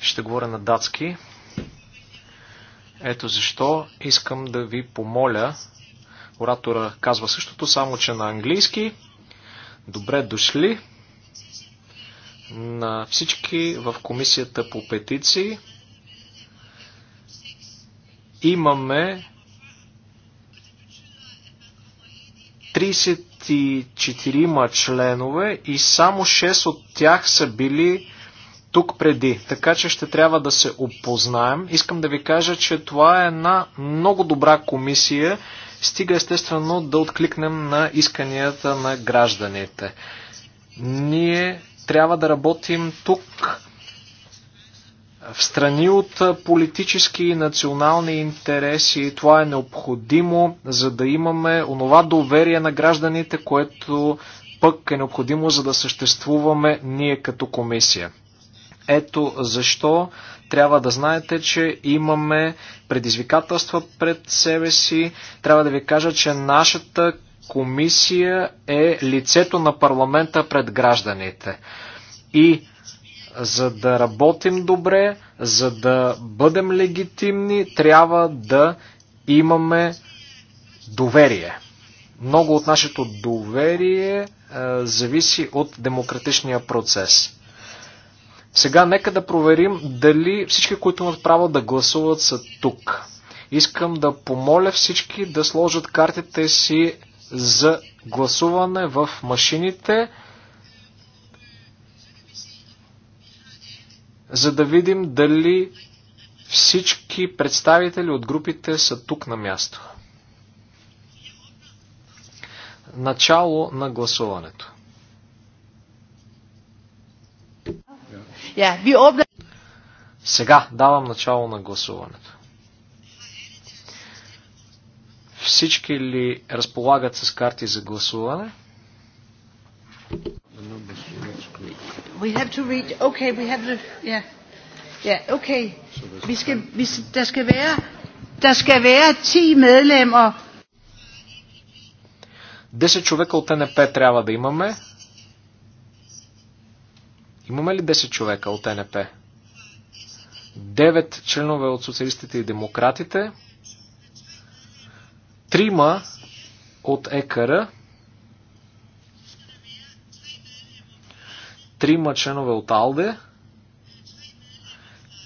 Ще говоря на датски. Ето защо искам да ви помоля. Оратора казва същото, само че на английски. Добре дошли на всички в комисията по петиции. Имаме 30 24 членове и само 6 от тях са били тук преди. Така че ще трябва да се опознаем. Искам да ви кажа, че това е една много добра комисия. Стига естествено да откликнем на исканията на гражданите. Ние трябва да работим тук в страни от политически и национални интереси. Това е необходимо, за да имаме онова доверие на гражданите, което пък е необходимо, за да съществуваме ние като комисия. Ето защо трябва да знаете, че имаме предизвикателства пред себе си. Трябва да ви кажа, че нашата комисия е лицето на парламента пред гражданите. И за да работим добре, за да бъдем легитимни, трябва да имаме доверие. Много от нашето доверие а, е, зависи от демократичния процес. Сега нека да проверим дали всички, които имат право да гласуват, са тук. Искам да помоля всички да сложат картите си за гласуване в машините. за да видим дали всички представители от групите са тук на място. Начало на гласуването. Сега давам начало на гласуването. Всички ли разполагат с карти за гласуване? We have to read. Okay, we have to. Yeah. Yeah, okay. Vi skal, vi, der, skal være, der skal være 10 medlemmer. 10 човека от НП трябва да имаме. Имаме ли 10 човека от НП? 9 членове от социалистите и демократите. Трима от ЕКР. трима членове от АЛДЕ,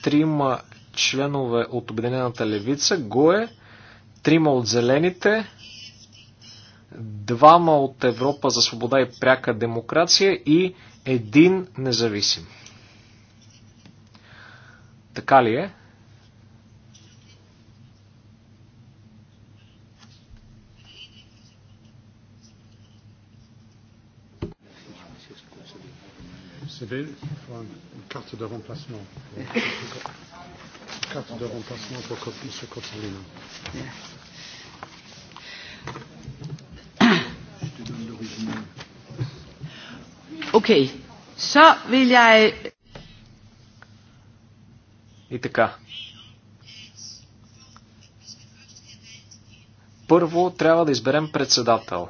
трима членове от Обединената левица, ГОЕ, трима от Зелените, двама от Европа за свобода и пряка демокрация и един независим. Така ли е? savez, il faut une carte de remplacement. Une carte de remplacement pour M. Cozzolino. Окей. Okay. Så vil jeg... И така. Първо трябва да изберем председател.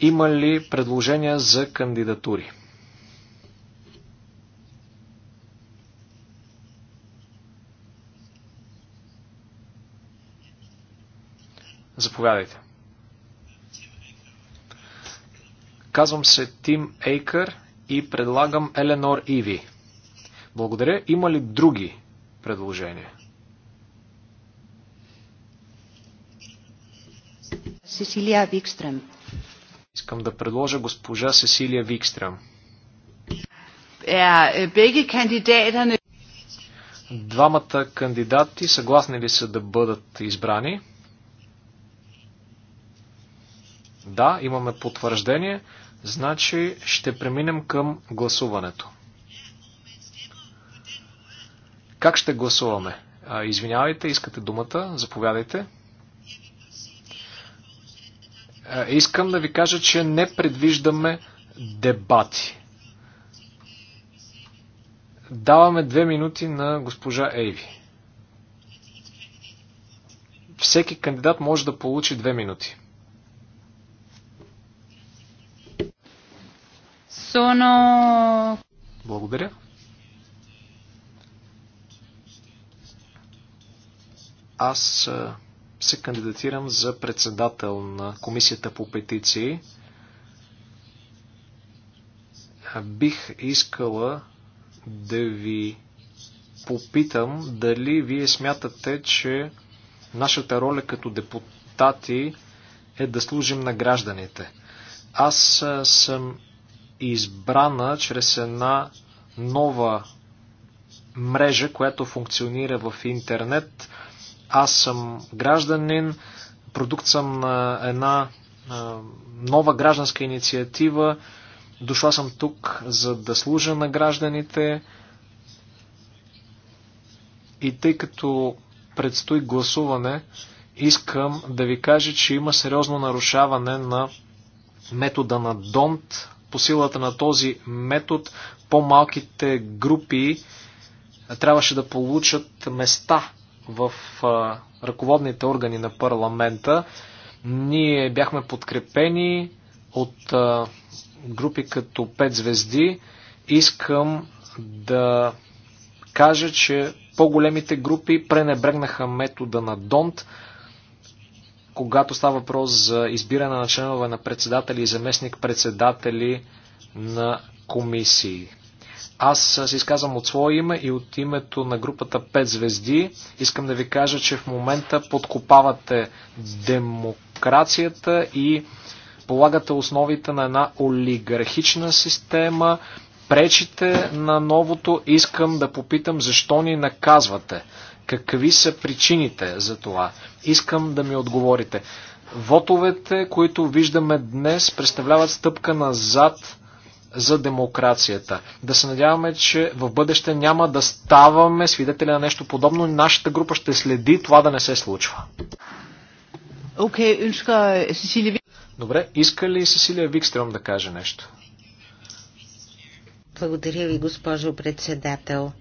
Има ли предложения за кандидатури? Заповядайте. Казвам се Тим Ейкър и предлагам Еленор Иви. Благодаря. Има ли други предложения? Сесилия Викстрем искам да предложа госпожа Сесилия Викстрам. Е, е, Двамата кандидати съгласни ли са да бъдат избрани? Да, имаме потвърждение. Значи ще преминем към гласуването. Как ще гласуваме? Извинявайте, искате думата, заповядайте искам да ви кажа, че не предвиждаме дебати. Даваме две минути на госпожа Ейви. Всеки кандидат може да получи две минути. Соно... Благодаря. Аз се кандидатирам за председател на Комисията по петиции. Бих искала да ви попитам дали вие смятате, че нашата роля като депутати е да служим на гражданите. Аз съм избрана чрез една нова мрежа, която функционира в интернет. Аз съм гражданин, продукт съм на една нова гражданска инициатива. Дошла съм тук, за да служа на гражданите. И тъй като предстои гласуване, искам да ви кажа, че има сериозно нарушаване на метода на Донт. По силата на този метод по-малките групи трябваше да получат места в а, ръководните органи на парламента. Ние бяхме подкрепени от а, групи като 5 звезди. Искам да кажа, че по-големите групи пренебрегнаха метода на Донт, когато става въпрос за избиране на членове на председатели и заместник председатели на комисии. Аз се изказвам от свое име и от името на групата 5 звезди. Искам да ви кажа, че в момента подкопавате демокрацията и полагате основите на една олигархична система, пречите на новото. Искам да попитам защо ни наказвате. Какви са причините за това? Искам да ми отговорите. Вотовете, които виждаме днес, представляват стъпка назад за демокрацията. Да се надяваме, че в бъдеще няма да ставаме свидетели на нещо подобно. Нашата група ще следи това да не се случва. Okay, önska, Cecilia... Добре, иска ли Сесилия Викстрем да каже нещо? Благодаря ви, госпожо председател.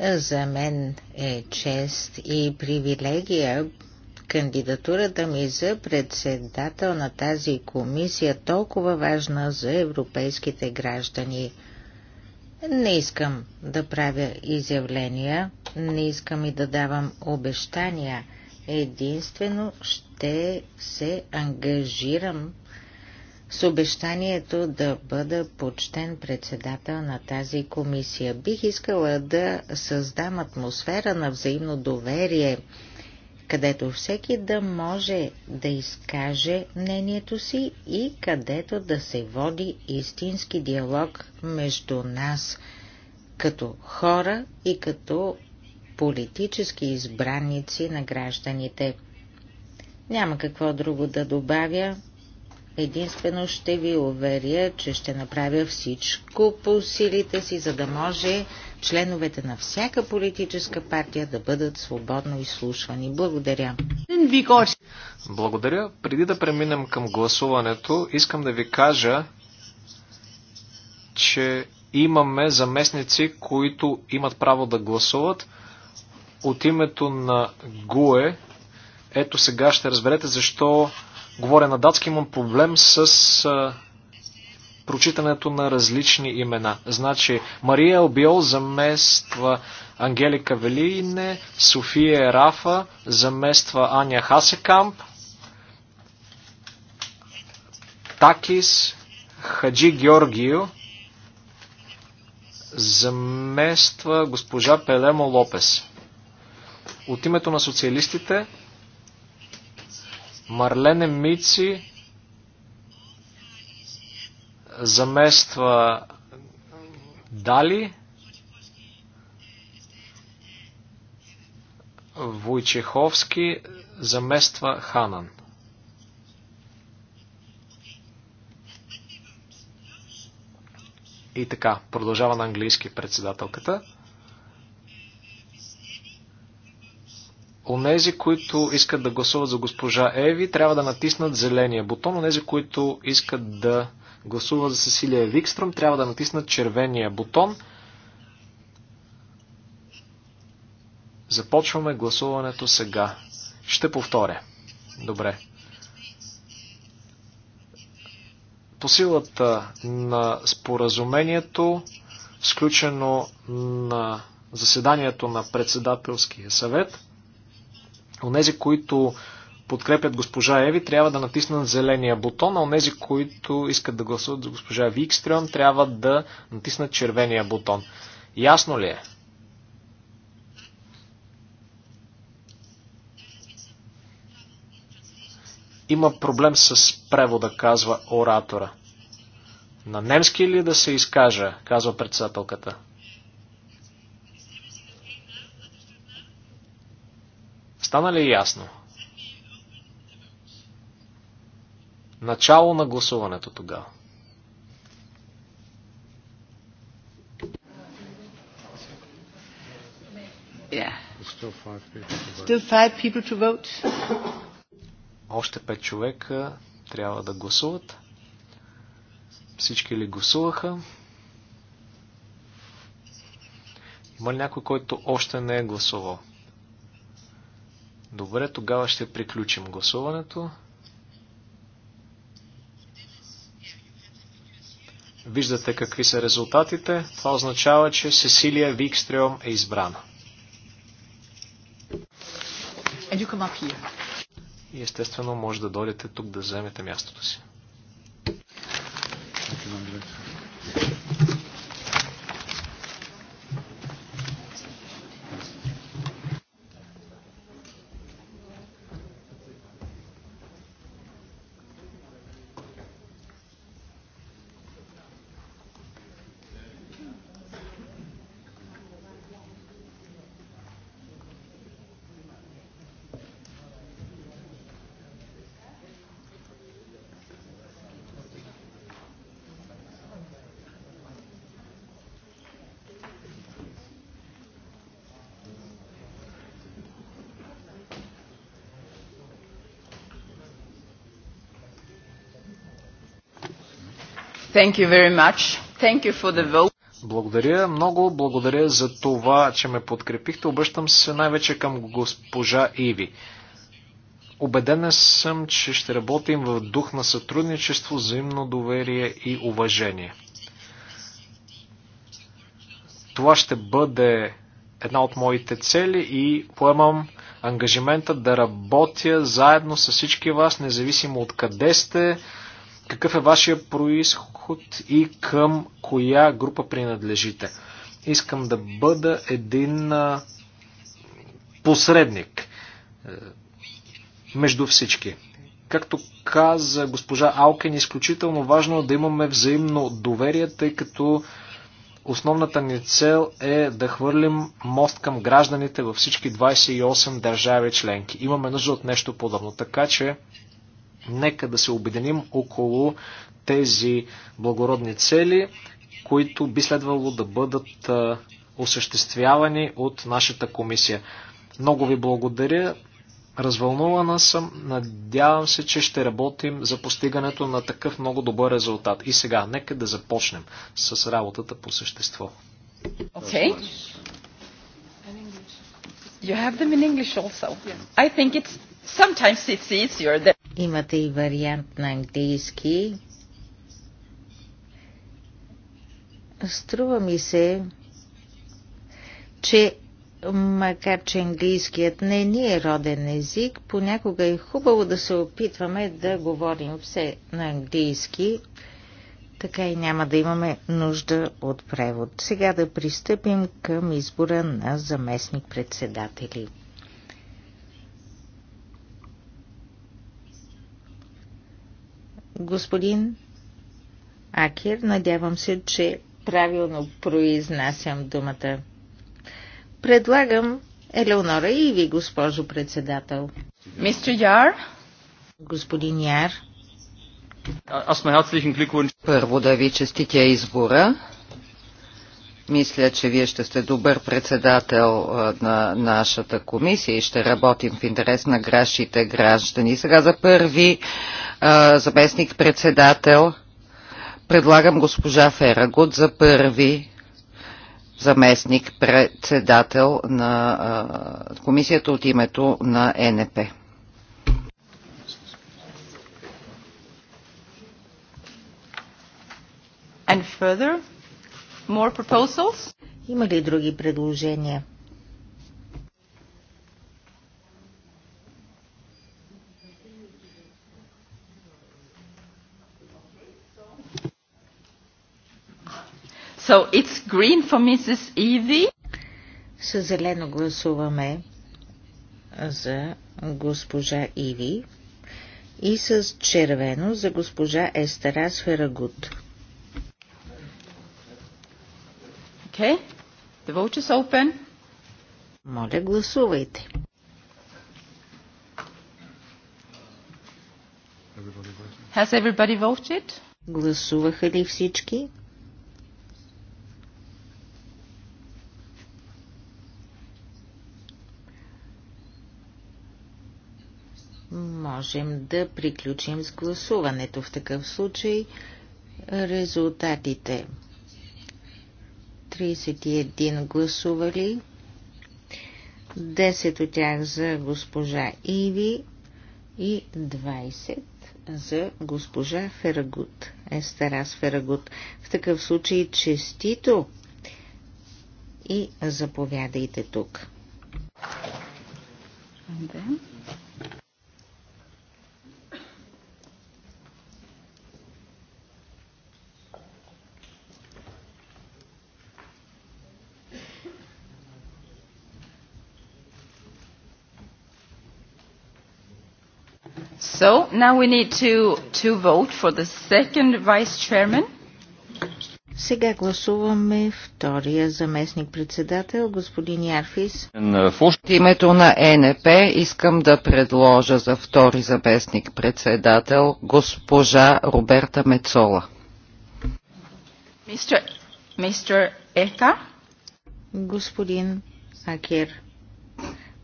За мен е чест и привилегия кандидатурата ми за председател на тази комисия, толкова важна за европейските граждани. Не искам да правя изявления, не искам и да давам обещания. Единствено ще се ангажирам с обещанието да бъда почтен председател на тази комисия. Бих искала да създам атмосфера на взаимно доверие – където всеки да може да изкаже мнението си и където да се води истински диалог между нас като хора и като политически избранници на гражданите. Няма какво друго да добавя. Единствено ще ви уверя, че ще направя всичко по силите си, за да може членовете на всяка политическа партия да бъдат свободно изслушвани. Благодаря. Благодаря. Преди да преминем към гласуването, искам да ви кажа, че имаме заместници, които имат право да гласуват от името на ГУЕ. Ето сега ще разберете защо Говоря на датски, имам проблем с прочитането на различни имена. Значи, Мария Обиол замества Ангелика Велине, София Рафа замества Аня Хасекамп, Такис Хаджи Георгио замества госпожа Пелемо Лопес. От името на социалистите Марлене Мици замества Дали. Войчеховски замества Ханан. И така, продължава на английски председателката. Онези, които искат да гласуват за госпожа Еви, трябва да натиснат зеления бутон. Онези, които искат да гласуват за Сесилия Викстром, трябва да натиснат червения бутон. Започваме гласуването сега. Ще повторя. Добре. По силата на споразумението, сключено на заседанието на председателския съвет, Онези, които подкрепят госпожа Еви, трябва да натиснат зеления бутон, а онези, които искат да гласуват за госпожа Викстрион, трябва да натиснат червения бутон. Ясно ли е? Има проблем с превода, казва оратора. На немски ли да се изкажа, казва председателката. Стана ли ясно? Начало на гласуването тогава. Още пет човека трябва да гласуват. Всички ли гласуваха? Има ли някой, който още не е гласувал? Добре, тогава ще приключим гласуването. Виждате какви са резултатите. Това означава, че Сесилия Викстрем е избрана. И естествено може да дойдете тук да вземете мястото си. Thank you, Thank you very much. Thank you for the vote. Благодаря много, благодаря за това, че ме подкрепихте. Обръщам се най-вече към госпожа Иви. Обеден съм, че ще работим в дух на сътрудничество, взаимно доверие и уважение. Това ще бъде една от моите цели и поемам ангажимента да работя заедно с всички вас, независимо от къде сте, какъв е вашия происход и към коя група принадлежите. Искам да бъда един посредник е, между всички. Както каза госпожа Алкен, е изключително важно е да имаме взаимно доверие, тъй като основната ни цел е да хвърлим мост към гражданите във всички 28 държави членки. Имаме нужда от нещо подобно. Така че Нека да се обединим около тези благородни цели, които би следвало да бъдат осъществявани от нашата комисия. Много ви благодаря. Развълнувана съм. Надявам се, че ще работим за постигането на такъв много добър резултат. И сега, нека да започнем с работата по същество. Okay. You have them in English also. Yeah. I think it's sometimes it's easier than Имате и вариант на английски. Струва ми се, че макар че английският не ни е роден език, понякога е хубаво да се опитваме да говорим все на английски, така и няма да имаме нужда от превод. Сега да пристъпим към избора на заместник-председатели. Господин Акер, надявам се, че правилно произнасям думата. Предлагам Елеонора и ви, госпожо председател. Мистер Яр. Господин Яр. Аз ме Първо да ви честитя избора. Мисля, че вие ще сте добър председател на нашата комисия и ще работим в интерес на гращите граждани. Сега за първи заместник председател предлагам госпожа Ферагот за първи заместник председател на комисията от името на НП. And further, More proposals? Има ли други предложения? So it's green for Mrs. Evie. зелено гласуваме за госпожа Иви и с червено за госпожа Естерас Ферагут. Okay. The vote is open. Моля, гласувайте. Has everybody voted? Гласуваха ли всички? Можем да приключим с гласуването. В такъв случай резултатите 31 гласували, 10 от тях за госпожа Иви и 20 за госпожа Ферагут, Естерас Ферагут. В такъв случай честито и заповядайте тук. Да. So now we need to, to vote for the second vice chairman. Сега гласуваме втория заместник-председател, господин Ярфис. От името на ЕНП искам да предложа за втори заместник-председател госпожа Роберта Мецола. Мистер, мистер Ека? Господин Акер.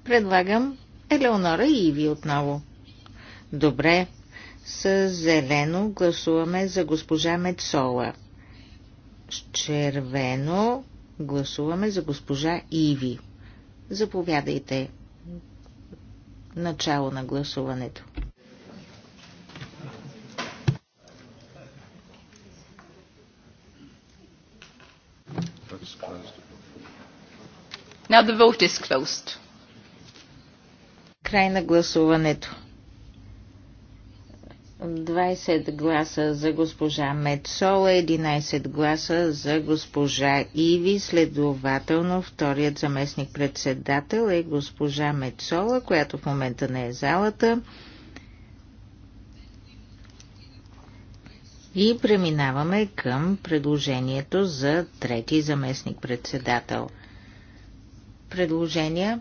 Предлагам Елеонора и Иви отново. Добре, с зелено гласуваме за госпожа Мецола. С червено гласуваме за госпожа Иви. Заповядайте. Начало на гласуването. Now the vote is closed. Край на гласуването. 20 гласа за госпожа Мецола, 11 гласа за госпожа Иви. Следователно, вторият заместник председател е госпожа Мецола, която в момента не е залата. И преминаваме към предложението за трети заместник председател. Предложения?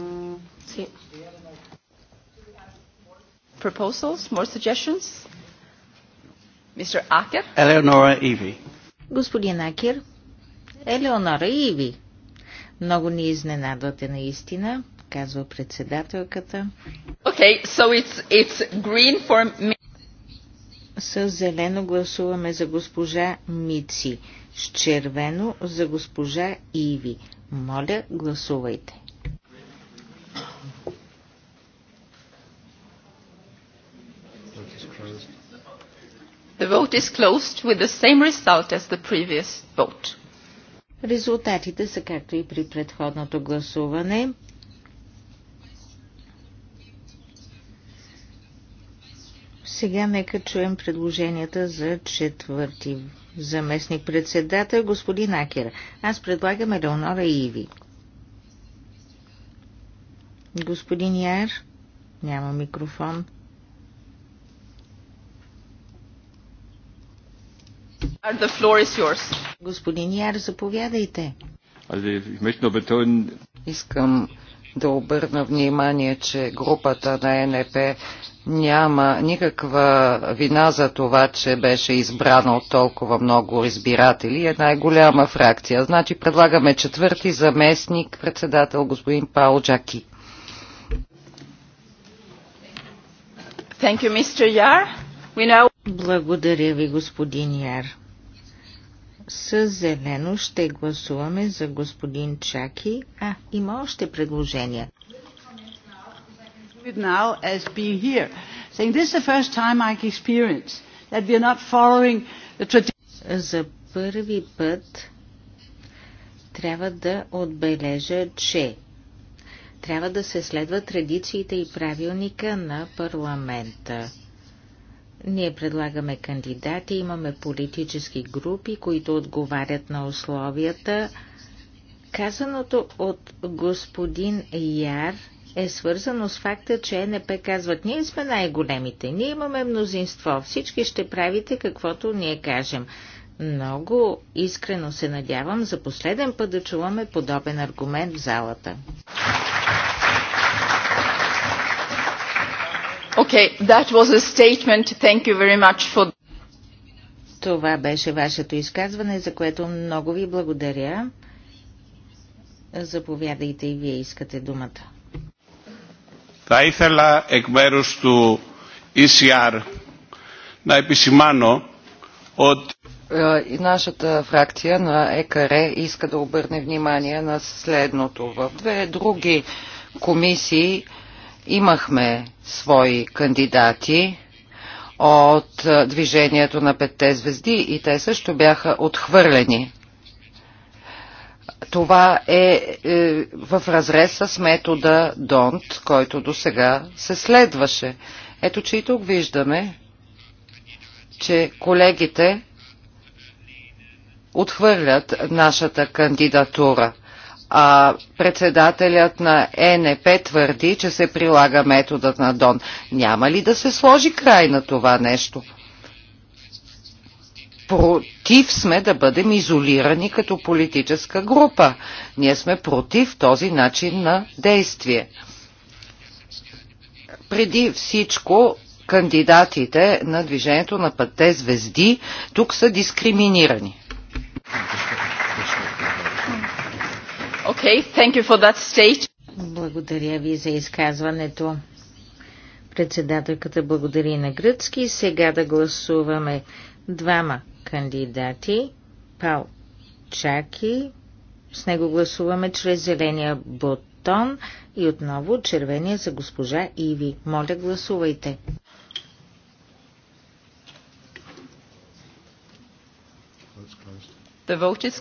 Mm proposals, more suggestions? Mr. Acker? Eleonora Иви. Господин Акер, Елеонора Иви. Много ни изненадвате наистина, казва председателката. Okay, so it's, it's green for me. С зелено гласуваме за госпожа Мици, с червено за госпожа Иви. Моля, гласувайте. The vote is closed with the same result as the previous vote. Резултатите са както и при предходното гласуване. Сега нека чуем предложенията за четвърти заместник председател господин Акер. Аз предлагам Елеонора Иви. Господин Яр, няма микрофон. Господин Яр, заповядайте. Искам да обърна внимание, че групата на НП няма никаква вина за това, че беше избрана от толкова много избиратели. Е най-голяма фракция. Значи предлагаме четвърти заместник, председател господин Пао Джаки. Thank you, Mr. Yar. We know... Благодаря ви, господин Яр с зелено ще гласуваме за господин Чаки. А, има още предложения. Now as being here, saying this is the first time I experience that we are not following the tradition. За първи път трябва да отбележа, че трябва да се следва традициите и правилника на парламента. Ние предлагаме кандидати, имаме политически групи, които отговарят на условията. Казаното от господин Яр е свързано с факта, че е НП казват, ние сме най-големите, ние имаме мнозинство, всички ще правите каквото ние кажем. Много искрено се надявам за последен път да чуваме подобен аргумент в залата. Okay, that was a statement. Thank you very much for... Това беше вашето изказване, за което много ви благодаря. Заповядайте и вие искате думата. Θα ήθελα εκ μέρους του ECR να επισημάνω ότι е, и нашата фракция на ЕКР иска да обърне внимание на следното. В две други комисии Имахме свои кандидати от движението на Петте звезди и те също бяха отхвърлени. Това е, е в разрез с метода Донт, който до сега се следваше. Ето, че и тук виждаме, че колегите отхвърлят нашата кандидатура – а председателят на ЕНП твърди, че се прилага методът на Дон. Няма ли да се сложи край на това нещо? Против сме да бъдем изолирани като политическа група. Ние сме против този начин на действие. Преди всичко кандидатите на движението на пътте звезди тук са дискриминирани. Thank you. Okay, thank you for that state. Благодаря ви за изказването. Председателката благодари на гръцки. Сега да гласуваме двама кандидати. Пал Чаки. С него гласуваме чрез зеления бутон и отново червения за госпожа Иви. Моля, гласувайте. The vote is